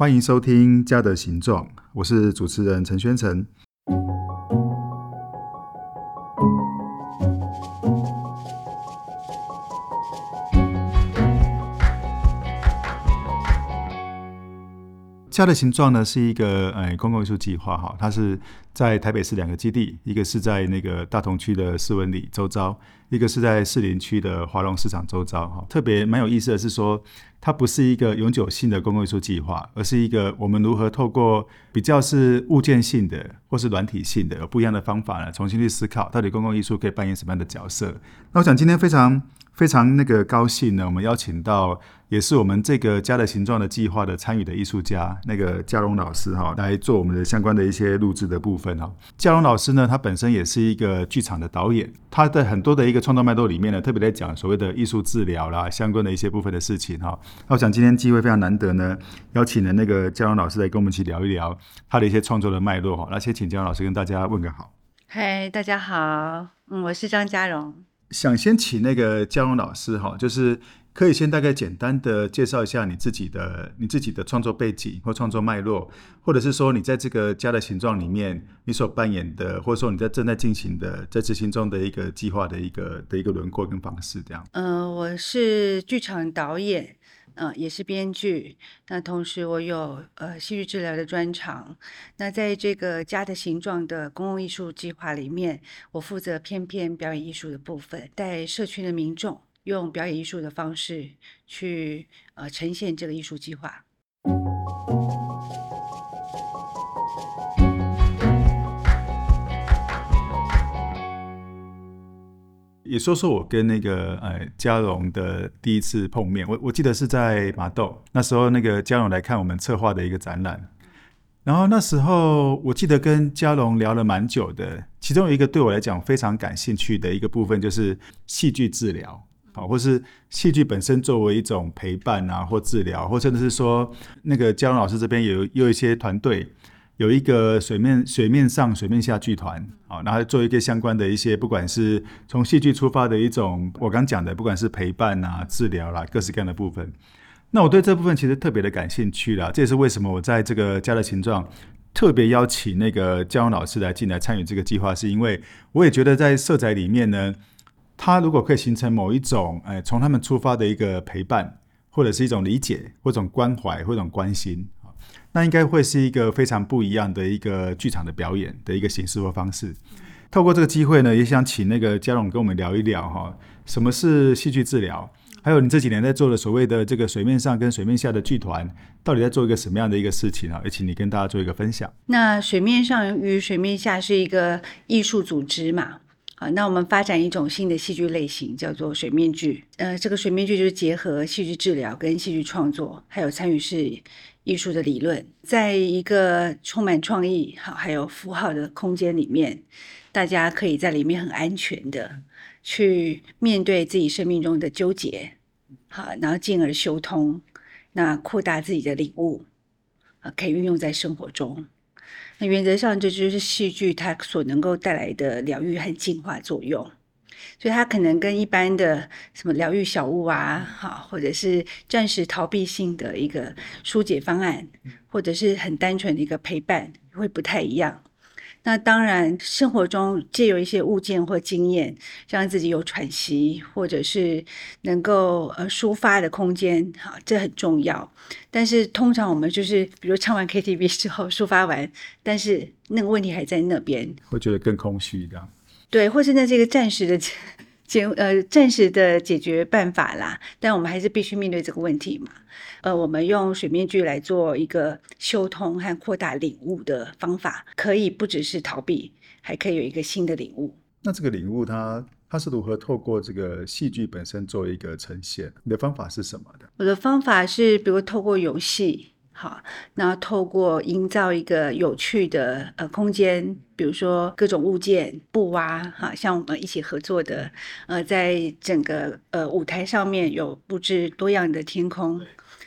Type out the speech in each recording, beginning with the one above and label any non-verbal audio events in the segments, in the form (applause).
歡迎收聽《家的形狀》，我是主持人陳宣誠。家的形狀呢，是一個、哎、公共藝術計劃哈，它是在台北市兩個基地，一個是在那個大同區的斯文里周遭，一個是在士林區的華隆市場周遭哈。特別蠻有意思的是說。它不是一個永久性的公共藝術計劃，而是一個我們如何透過比較是物件性的或是軟體性的有不一樣的方法呢？重新去思考到底公共藝術可以扮演什麼樣的角色？那我想今天非常非常那個高興呢，我們邀請到也是我們這個家的形狀的計劃的參與的藝術家那個嘉容老師哈、哦、來做我們的相關的一些錄製的部分哈、哦。嘉容老師呢，他本身也是一個劇場的導演，他的很多的一個創作脈絡裡面呢，特別在講所謂的藝術治療啦相關的一些部分的事情哈、哦。那我想今天機會非常難得呢，邀請了那個嘉容老師來跟我們一起聊一聊他的一些創作的脈絡哈。那先請嘉容老師跟大家問個好。嗨、Hey，大家好，嗯，我是張嘉容。想先請那個嘉容老師哈，就是可以先大概簡單的介紹一下你自己的、你自己的創作背景或創作脈絡，或者是說你在這個家的形狀裡面你所扮演的，或者說你在正在進行的、在執行中的一個計劃的一個的一個輪廓跟方式這樣。呃，我是劇場導演。嗯、呃，也是編劇。那同時，我有呃戲劇治療的專長。那在這個《家的形狀》的公共藝術計劃裡面，我負責翩翩表演藝術的部分，帶社區的民眾用表演藝術的方式去呃呈現這個藝術計劃。也說說我跟那個呃嘉容的第一次碰面，我我記得是在麻豆，那時候那個嘉容來看我們策劃的一個展覽，然後那時候我記得跟嘉容聊了蠻久的，其中有一個對我來講非常感興趣的一個部分就是戲劇治療，啊，或是戲劇本身作為一種陪伴啊或治療，或甚至是說那個嘉容老師這邊有有一些團隊。有一個水面、水面上、水面下劇團，啊，然後做一個相關的一些，不管是從戲劇出發的一種，我剛講的，不管是陪伴啊、治療啦、啊，各式各樣的部分。那我對這部分其實特別的感興趣啦。這也是為什麼我在這個家的形狀特別邀請那個嘉容老師來進來參與這個計劃，是因為我也覺得在社宅裡面呢，他如果可以形成某一種，哎，從他們出發的一個陪伴，或者是一種理解，或者一種關懷，或者關心。那應該會是一個非常不一樣的一個劇場的表演的一個形式或方式。透過這個機會呢，也想請那個嘉容跟我們聊一聊哈，什麼是戲劇治療，還有你這幾年在做的所謂的這個水面上跟水面下的劇團，到底在做一個什麼樣的一個事情啊？也請你跟大家做一個分享。那水面上與水面下是一個藝術組織嘛？好，那我們發展一種新的戲劇類型，叫做水面劇。呃，這個水面劇就是結合戲劇治療跟戲劇創作，還有參與式藝術的理論，在一個充滿創意、好還有符號的空間裡面，大家可以在裡面很安全的去面對自己生命中的糾結，好，然後進而修通，那擴大自己的領悟，啊，可以運用在生活中。那原則上，這就是戲劇它所能夠帶來的療癒和淨化作用，所以它可能跟一般的什麼療癒小屋啊，好，或者是暫時逃避性的一個疏解方案，或者是很單純的一個陪伴，會不太一樣。那當然，生活中借由一些物件或經驗，讓自己有喘息，或者是能夠呃抒發的空間，哈、啊，這很重要。但是通常我們就是，比如唱完 KTV 之後抒發完，但是那個問題還在那邊，會覺得更空虛一點，對，或是那這個暫時的。 (laughs) 解呃，暫時的解決辦法啦，但我們還是必須面對這個問題嘛。呃，我們用水面劇來做一個修通和擴大領悟的方法，可以不只是逃避，還可以有一個新的領悟。那這個領悟它它是如何透過這個戲劇本身做一個呈現？你的方法是什麼的？我的方法是，比如透過遊戲。好，那透過營造一個有趣的呃空間，比如說各種物件布挖啊，哈，像我們一起合作的，呃，在整個呃舞台上面有布置多樣的天空，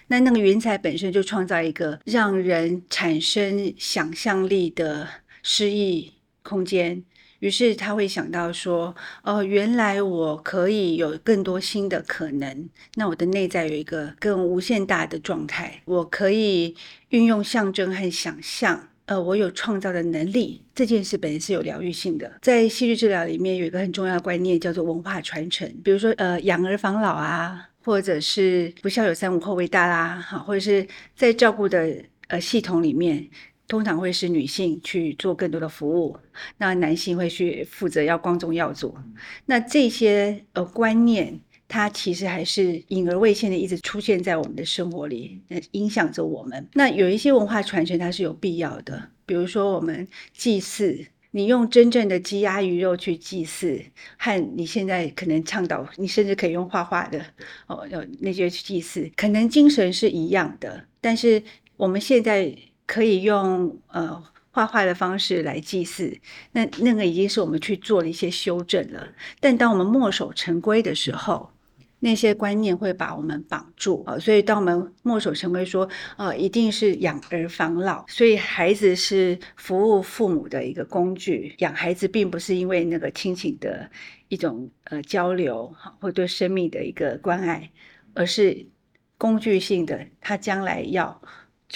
那那個雲彩本身就創造一個讓人產生想象力的詩意空間。於是他會想到說，哦、呃，原來我可以有更多新的可能。那我的內在有一個更無限大的狀態，我可以運用象徵和想象，呃，我有創造的能力。這件事本身是有療癒性的。在戲劇治療裡面有一個很重要的觀念，叫做文化傳承。比如說，呃，養兒防老啊，或者是不孝有三，無後為大啦，哈，或者是在照顧的呃系統裡面。通常會是女性去做更多的服務，那男性會去負責要光宗耀祖。那這些呃觀念，它其實還是隱而未現的，一直出現在我們的生活裡，那影響着我們。那有一些文化傳承，它是有必要的，比如說我們祭祀，你用真正的雞鴨魚肉去祭祀，和你現在可能倡導，你甚至可以用畫畫的哦，那些去祭祀，可能精神是一樣的，但是我們現在，可以用呃畫畫的方式來祭祀，那那個已經是我們去做了一些修正了。但當我們墨守成規的時候，那些觀念會把我們綁住啊、呃。所以當我們墨守成規說啊、呃，一定是養兒防老，所以孩子是服務父母的一個工具，養孩子並不是因為那個親情的一種呃交流哈，或對生命的一個關愛，而是工具性的，他將來要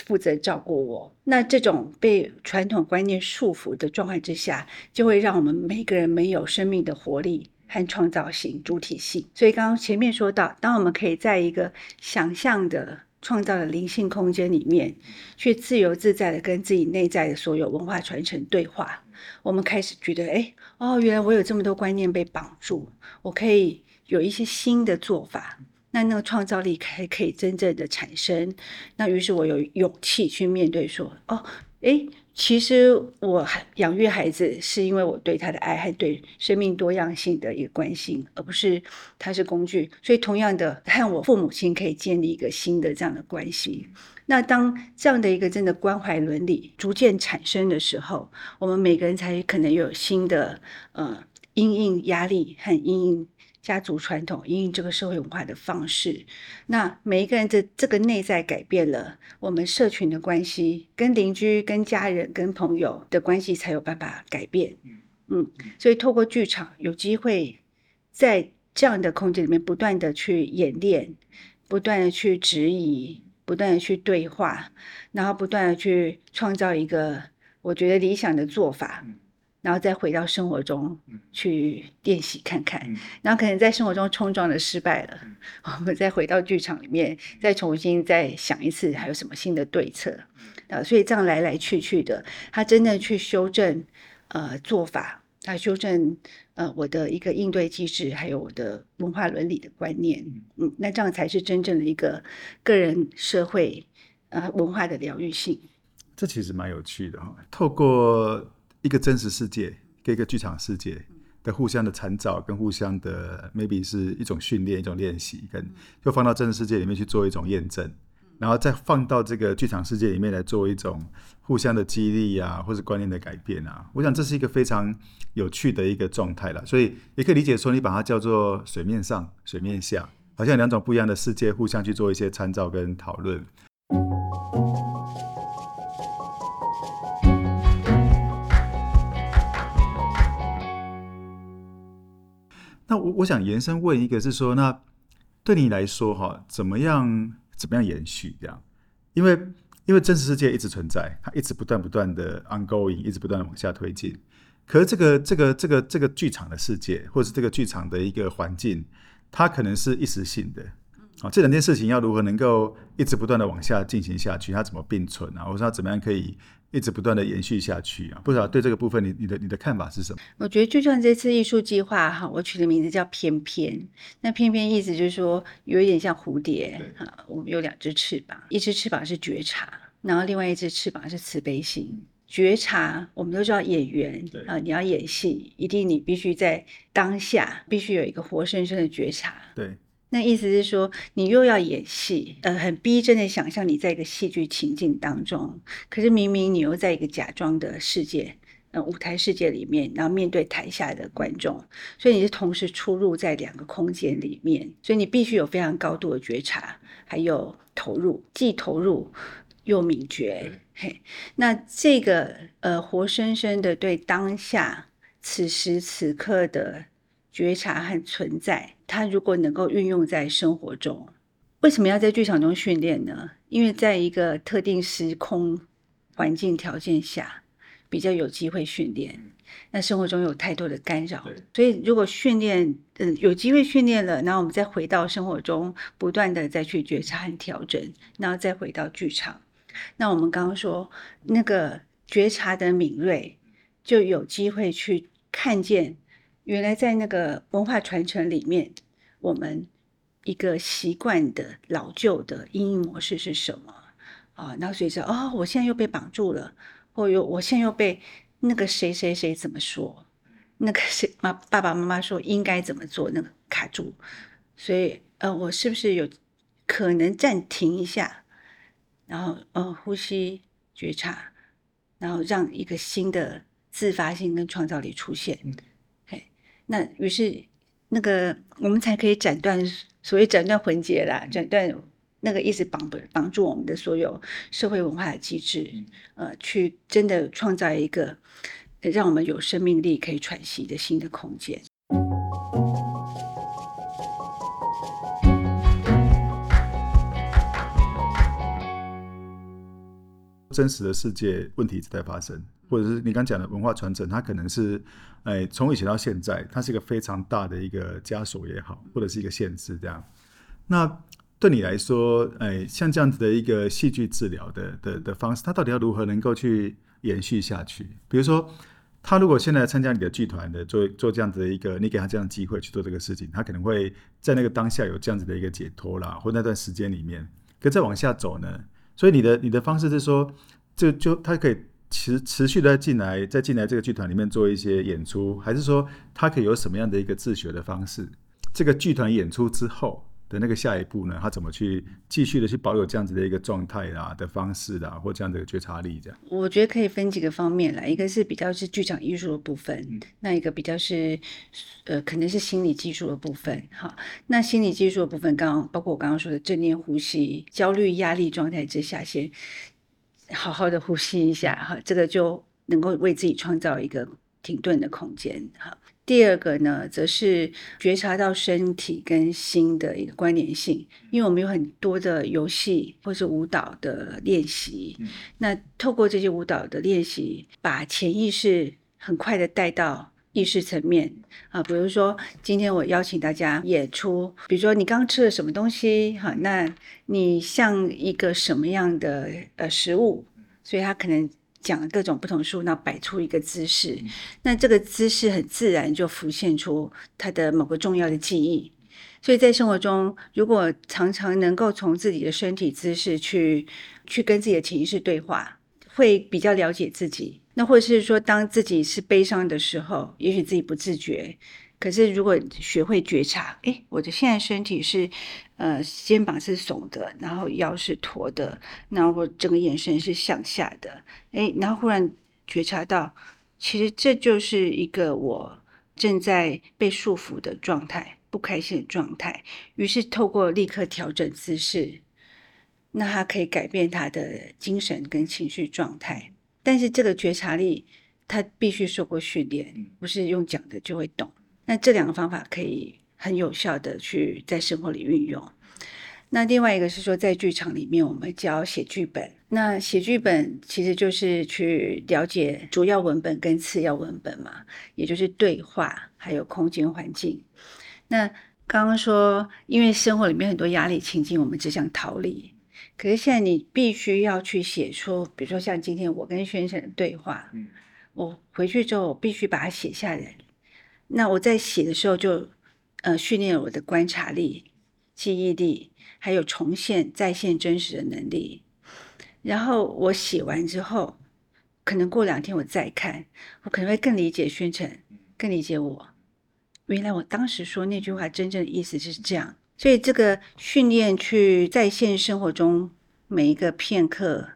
負責照顧我，那這種被傳統觀念束縛的狀況之下，就會讓我們每個人沒有生命的活力和創造性主體性。所以，剛剛前面說到，當我們可以在一個想象的、創造的靈性空間裡面，去自由自在的跟自己內在的所有文化傳承對話，我們開始覺得，哎，哦，原來我有這麼多觀念被綁住，我可以有一些新的做法。那那個創造力才可以真正的產生。那於是，我有勇氣去面對說：哦，哎、欸，其實我養育孩子，是因為我對他的愛和對生命多樣性的一個關心，而不是他是工具。所以，同樣的，和我父母親可以建立一個新的這樣的關係。那當這樣的一個真的關懷倫理逐漸產生的時候，我們每個人才可能有新的呃因應、壓力和因應。家族傳統，因為這個社會文化的方式，那每一個人的這個內在改變了，我們社群的關係，跟鄰居、跟家人、跟朋友的關係才有辦法改變。嗯，嗯，所以透過劇場有機會，在這樣的空間裡面不斷的去演練，不斷的去質疑，不斷的去對話，然後不斷的去創造一個我覺得理想的做法。嗯然後再回到生活中去練習看看，嗯，然後可能在生活中衝撞的失敗了，我、嗯、們 (laughs) 再回到劇場裡面，再重新再想一次還有什麼新的對策、嗯、啊？所以這樣來來去去的，他真的去修正呃做法，他修正呃我的一個應對機制，還有我的文化倫理的觀念，嗯，嗯那這樣才是真正的一個個人社會呃文化的療癒性。這其實蠻有趣的哈、哦，透過。一個真實世界跟一個劇場世界的互相的參照，跟互相的 maybe 是一種訓練、一種練習，跟就放到真實世界裡面去做一種驗證，然後再放到這個劇場世界裡面來做一種互相的激勵啊，或是觀念的改變啊。我想這是一個非常有趣的一個狀態了，所以也可以理解說，你把它叫做水面上、水面下，好像兩種不一樣的世界互相去做一些參照跟討論。那我我想延伸問一個是說，那對你來說哈，怎麼樣怎麼樣延續這樣？因為因為真實世界一直存在，它一直不斷不斷的 ongoing，一直不斷的往下推進。可是這個這個這個這個劇場的世界，或者是這個劇場的一個環境，它可能是一時性的。啊，這兩件事情要如何能夠一直不斷的往下進行下去？它怎麼並存啊？我知道怎麼樣可以一直不斷的延續下去啊？不知道對這個部分你、你的、你的看法是什麼？我覺得，就像這次藝術計劃哈，我取的名字叫“翩翩”。那“翩翩”意思就是說，有一點像蝴蝶哈、啊，我們有兩隻翅膀，一隻翅膀是覺察，然後另外一隻翅膀是慈悲心。覺察，我們都知道演員對啊，你要演戲，一定你必須在當下，必須有一個活生生的覺察。對。那意思是說，你又要演戲，呃，很逼真的想象你在一個戲劇情境當中，可是明明你又在一個假裝的世界，呃，舞台世界裡面，然後面對台下的觀眾，所以你是同時出入在兩個空間裡面，所以你必須有非常高度的覺察，還有投入，既投入又敏覺，嗯。嘿，那這個呃，活生生的對當下此時此刻的覺察和存在，它如果能夠運用在生活中，為什麼要在劇場中訓練呢？因為在一個特定時空環境條件下，比較有機會訓練。那生活中有太多的干擾，所以如果訓練，嗯，有機會訓練了，然後我們再回到生活中，不斷的再去覺察和調整，然後再回到劇場。那我們剛剛說那個覺察的敏銳，就有機會去看見，原來在那個文化傳承裡面，我們一個習慣的老舊的因應模式是什麼啊、呃？然後隨着哦，我現在又被綁住了，或、哦、又我現在又被那個誰誰誰怎麼說？那個誰媽爸爸媽媽說應該怎麼做？那個卡住，所以呃，我是不是有可能暫停一下，然後呃，呼吸覺察，然後讓一個新的自發性跟創造力出現？那於是，那個我們才可以斬斷所謂斬斷魂結啦，斬斷那個一直綁綁住我們的所有社會文化的機制，呃，去真的創造一個讓我們有生命力可以喘息的新的空間。真實的世界問題正在發生。或者是你剛講的文化傳承，它可能是誒、哎，從以前到現在，它是一個非常大的一個枷鎖也好，或者是一個限制這樣。那對你來說，誒、哎，像這樣子的一個戲劇治療的的的方式，它到底要如何能夠去延續下去？比如說，他如果現在參加你的劇團的，做做這樣子的一個，你給他這樣的機會去做這個事情，他可能會在那個當下有這樣子的一個解脫了，或者那段時間裡面，可再往下走呢？所以你的你的方式是說，就就他可以。持持續的進來，在進來這個劇團裡面做一些演出，還是說他可以有什麼樣的一個自學的方式？這個劇團演出之後的那個下一步呢？他怎麼去繼續的去保有這樣子的一個狀態啊的方式啊，或這樣的覺察力這樣？我覺得可以分幾個方面來，一個是比較是劇場藝術的部分，嗯、那一個比較是呃，可能是心理技術的部分。哈，那心理技術的部分，剛剛包括我剛剛說的正念呼吸、焦慮、壓力狀態之下先。好好的呼吸一下哈，這個就能夠為自己創造一個停頓的空間哈。第二個呢，則是覺察到身體跟心的一個關聯性，因為我們有很多的遊戲或是舞蹈的練習，嗯、那透過這些舞蹈的練習，把潛意識很快的帶到。意識層面啊，比如說今天我邀請大家演出，比如說你剛剛吃了什麼東西，好，那你像一個什麼樣的呃食物？所以他可能講了各種不同的食物，然後擺出一個姿勢、嗯，那這個姿勢很自然就浮現出他的某個重要的記憶。所以在生活中，如果常常能夠從自己的身體姿勢去去跟自己的情緒對話，會比較了解自己。那或者是說，當自己是悲傷的時候，也許自己不自覺。可是如果學會覺察，誒、欸、我的現在身體是，呃，肩膀是聳的，然後腰是駝的，然後我整個眼神是向下的，誒、欸、然後忽然覺察到，其實這就是一個我正在被束縛的狀態，不開心的狀態。於是透過立刻調整姿勢，那他可以改變他的精神跟情緒狀態。但是這個覺察力，他必須受過訓練，不是用講的就會懂。那這兩個方法可以很有效的去在生活裡運用。那另外一個是說，在劇場裡面我們教寫劇本。那寫劇本其實就是去了解主要文本跟次要文本嘛，也就是對話還有空間環境。那剛剛說，因為生活裡面很多壓力情境，我們只想逃離。可是現在你必須要去寫出，比如說像今天我跟宣誠的對話，嗯，我回去之後我必須把它寫下來。那我在寫的時候就，呃，訓練我的觀察力、記憶力，還有重現再現真實的能力。然後我寫完之後，可能過兩天我再看，我可能會更理解宣誠，更理解我。原來我當時說那句話真正的意思是這樣。嗯所以這個訓練去在現實生活中每一個片刻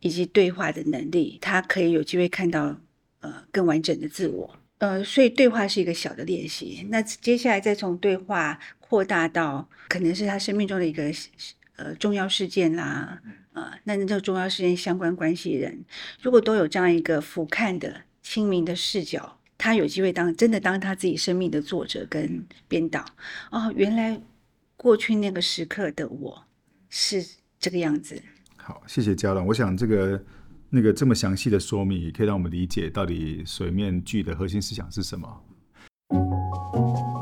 以及對話的能力，他可以有機會看到呃更完整的自我。呃，所以對話是一個小的練習。那接下來再從對話擴大到可能是他生命中的一個呃重要事件啦，啊、呃，那那個重要事件相關關係人，如果都有這樣一個俯瞰的清明的視角，他有機會當真的當他自己生命的作者跟編導。嗯、哦，原來。過去那個時刻的我是這個樣子。好，謝謝嘉容。我想這個那個這麼詳細的說明，可以讓我們理解到底水面劇的核心思想是什麼？嗯